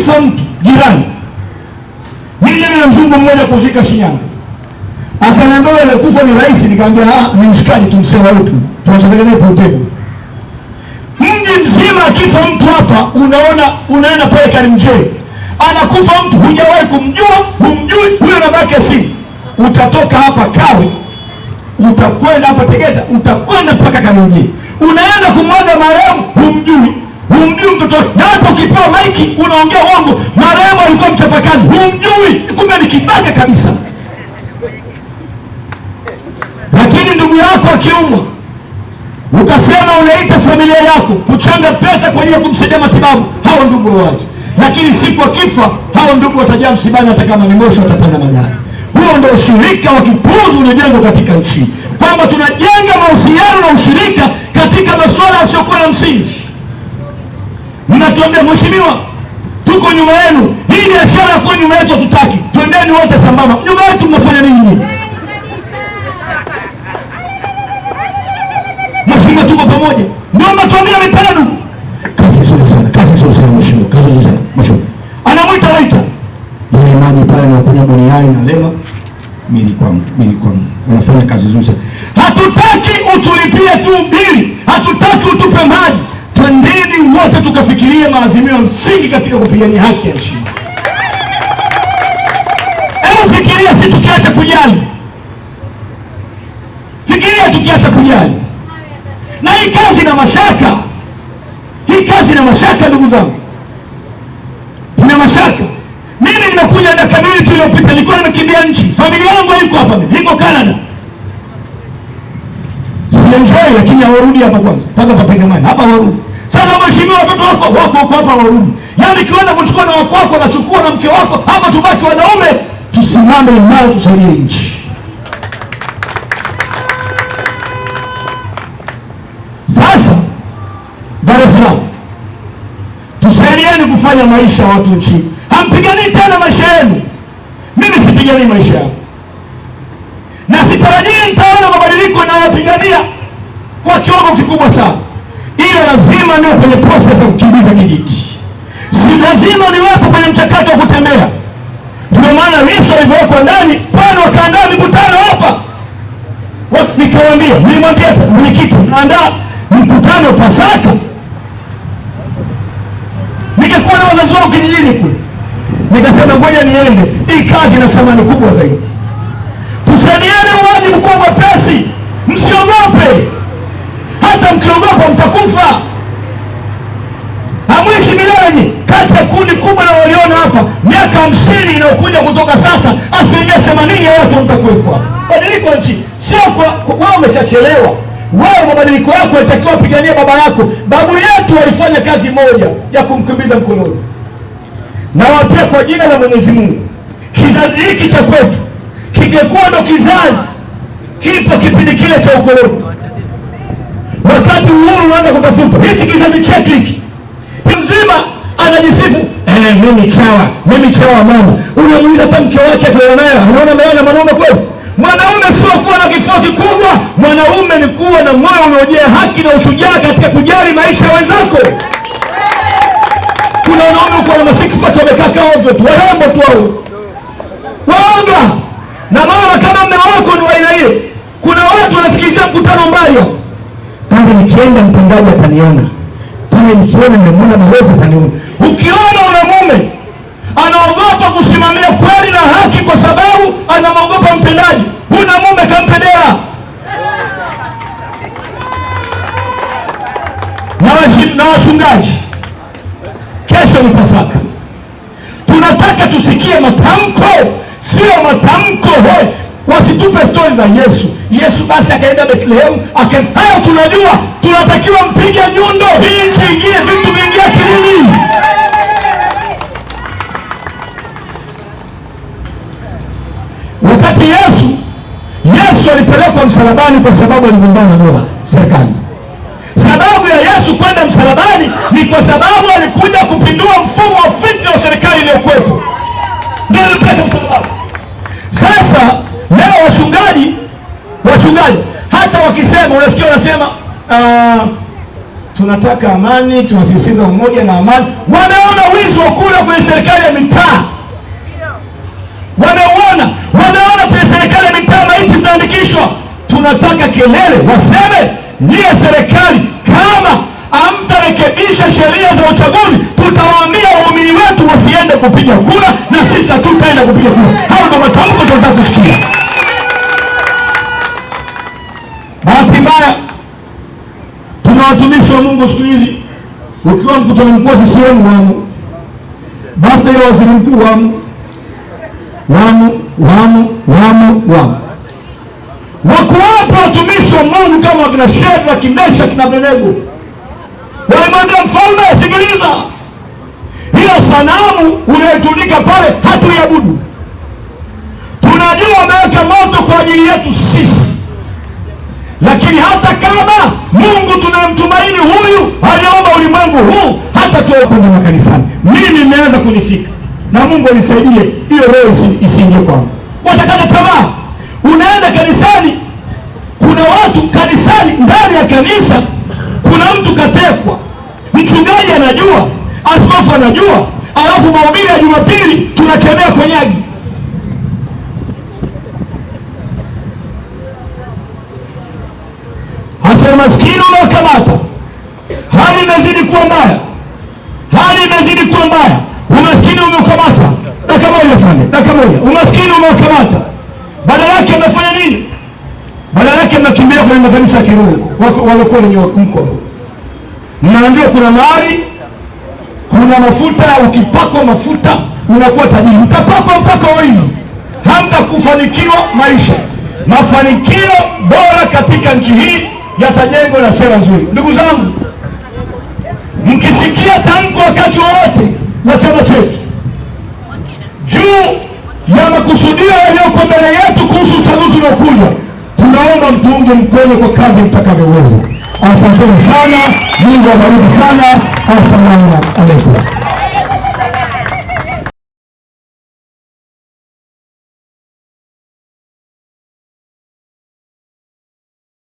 Alimaliza mtu jirani, mimi na mzungu mmoja kufika Shinyanga, akaniambia wale kufa ni rais. Nikamwambia ah, ni mshikaji tumsewa utu tunachotegemea kwa upepo. Mji mzima akifa mtu hapa, unaona unaenda pale Karimjee, anakufa mtu hujawahi kumjua, humjui huyo, anabaki si utatoka hapa Kawe, utakwenda hapa Tegeta, utakwenda mpaka Karimjee, unaenda kumwaga marehemu, humjui haki, unaongea uongo. Marehemu alikuwa mchapakazi, humjui, kumbe ni kibaka kabisa. Lakini ndugu yako akiumwa, ukasema unaita familia yako kuchanga pesa kwa ajili ya kumsaidia matibabu, hao ndugu wake, lakini siku akifa, hao ndugu watajaa msibani, hata kama ni mosho watapanda magari. Huo ndio ushirika wa kipuuzi uliojengwa katika nchi, kwamba tunajenga mahusiano na ushirika katika masuala yasiyokuwa na msingi. Mnatuambia mheshimiwa tuko nyuma yenu. Hii biashara kwa nyuma yetu tutaki, twendeni wote sambamba. Nyuma yetu mnafanya nini? Mheshimiwa, tuko pamoja, ndio mnatuambia mitano. Kazi nzuri sana, kazi nzuri sana mheshimiwa, kazi nzuri sana mheshimiwa. Anamwita waita ile imani pale na kunywa boni hai na lema, mimi kwangu, mimi kwangu, unafanya kazi nzuri sana hatuta tufikirie maazimio ya msingi katika kupigania haki ya nchi. Hebu fikiria, si tukiacha kujali, fikiria tukiacha kujali, na hii kazi na mashaka, hii kazi na mashaka, ndugu zangu, ina mashaka. Mimi nimekuja dakika mbili tu iliyopita, nilikuwa nimekimbia nchi, familia yangu iko hapa, niko Canada sienjoy, lakini hawarudi hapa kwanza mpaka patengamani hapa, hawarudi sasa mheshimiwa, watoto wako wako huko hapa warudi, yaani kiwenda kuchukua na wako wako nachukua na mke wako, hapa, tubaki wanaume tusimame imara, tusalie nchi. Sasa Dar es Salaam, tusaidieni kufanya maisha ya watu nchi. Hampigani tena maisha yenu. Mimi sipigani maisha yao na sitarajii nitaona mabadiliko inayopigania kwa kiwango kikubwa sana ila lazima niwe kwenye process ya kukimbiza kijiti, si lazima niwepo kwenye mchakato wa kutembea. Ndio maana Lissu alivyowekwa ndani pale, wakaandaa mikutano hapa, nikawaambia, nilimwambia mwenyekiti, naandaa mkutano Pasaka. nikakuwa na wazazi wangu kijijini kule, nikasema ngoja niende. Hii kazi ina thamani kubwa zaidi, tusaidiane uwaji mkuu pesi, msiogope hata mkiogopa mtakufa, hamwishi milele. Kati ya kundi kubwa na waliona hapa, miaka hamsini inayokuja kutoka sasa, asilimia themanini ya watu mtakuwepo Badiliko nchi sio kwa wao, umeshachelewa wewe mabadiliko yako yatakiwa pigania baba yako. Babu yetu walifanya kazi moja ya kumkimbiza mkononi. na wapia kwa jina la Mwenyezi Mungu, kizazi hiki cha kwetu kingekuwa ndo kizazi kipo kipindi kile cha ukoloni watu uhuru waanze kutafuta. Hichi kizazi chetu hiki mzima anajisifu eh, mimi chawa, mimi chawa mama. Unamuuliza hata mke wake ataona naye, anaona mbele na mwanaume kweli. Mwanaume sio kuwa na kifua kikubwa, mwanaume ni kuwa na moyo unaojaa haki na ushujaa katika kujali maisha ya wenzako. Kuna wanaume uko na six pack wamekaa kama ovyo tu, warembo tu hao. Waoga. Na mama kama mume wako ni wa aina hiyo, Kuna watu wanasikilizia mkutano mbali hapo pale nikienda mtendaji ataniona pale nikiona nimemwona balozi ataniona. Ukiona una mume anaogopa kusimamia kweli na haki, kwa sababu anamwogopa mtendaji, una mume kampendea. Na wachungaji, kesho ni Pasaka, tunataka tusikie matamko, sio matamko wasitupe stori za Yesu. Yesu basi akaenda Bethlehemu, akamkayo. Tunajua tunatakiwa mpige nyundo hii nchi ingie, vitu vingia kilini. Wakati Yesu Yesu alipelekwa msalabani kwa sababu aligombana dola serikali. Sababu ya Yesu kwenda msalabani ni kwa sababu alikuja kupindua mfumo wa fitna wa serikali iliyokuwepo. Ndio alipeleka msalabani. Sasa leo wachungaji wachungaji hata wakisema unasikia wanasema uh, tunataka amani, tunasisitiza umoja na amani. Wanaona wizi wa kura kwenye serikali ya mitaa, wanaona wanaona kwenye serikali ya mitaa maiti zinaandikishwa. Tunataka kelele, waseme niye serikali, kama amtarekebisha sheria za uchaguzi, tutawaambia waumini wetu wasiende kupiga kura, na sisi hatutaenda kupiga kura. Hayo ndio matamko tunataka kusikia. huko siku hizi, ukiwa mkutano mkuu CCM wamo, basi ile waziri mkuu wamu wamu wamo wamo wamo, wako wapo watumishi wa Mungu kama wakina Shedra, Kimesha, kina Abednego, walimwambia mfalme, sikiliza, hiyo sanamu unaitundika pale hatuiabudu, tunajua wameweka moto kwa ajili yetu sisi lakini hata kama Mungu tunamtumaini huyu aliomba ulimwengu huu, hata tuwe makanisani. Mimi nimeanza kunifika na Mungu anisaidie hiyo roho isiingie kwangu. Watakata tamaa, unaenda kanisani. Kuna watu kanisani, ndani ya kanisa kuna mtu katekwa, mchungaji anajua, askofu anajua, alafu mahubiri ya Jumapili tunakemea konyagi maskini unaokamata. Hali imezidi kuwa mbaya, hali imezidi kuwa mbaya. Umaskini umeukamata. Dakika moja fanya, dakika moja. Umaskini umeukamata, badala yake mnafanya nini? Badala yake mnakimbia kwenye makanisa ya Kirungu waliokuwa wenye mko, mnaambiwa kuna mali, kuna mafuta. Ukipakwa mafuta unakuwa tajiri, mtapakwa mpaka wino, hamtakufanikiwa maisha. Mafanikio bora katika nchi hii yatajengwa na sera nzuri. Ndugu zangu, mkisikia tamko wakati wowote wa chama chetu juu ya makusudio yaliyoko mbele yetu kuhusu uchaguzi unaokuja, tunaomba mtuunge mkono kwa kadri mtakavyoweza. Asanteni sana, Mungu awabariki sana. Asalamu alaikum.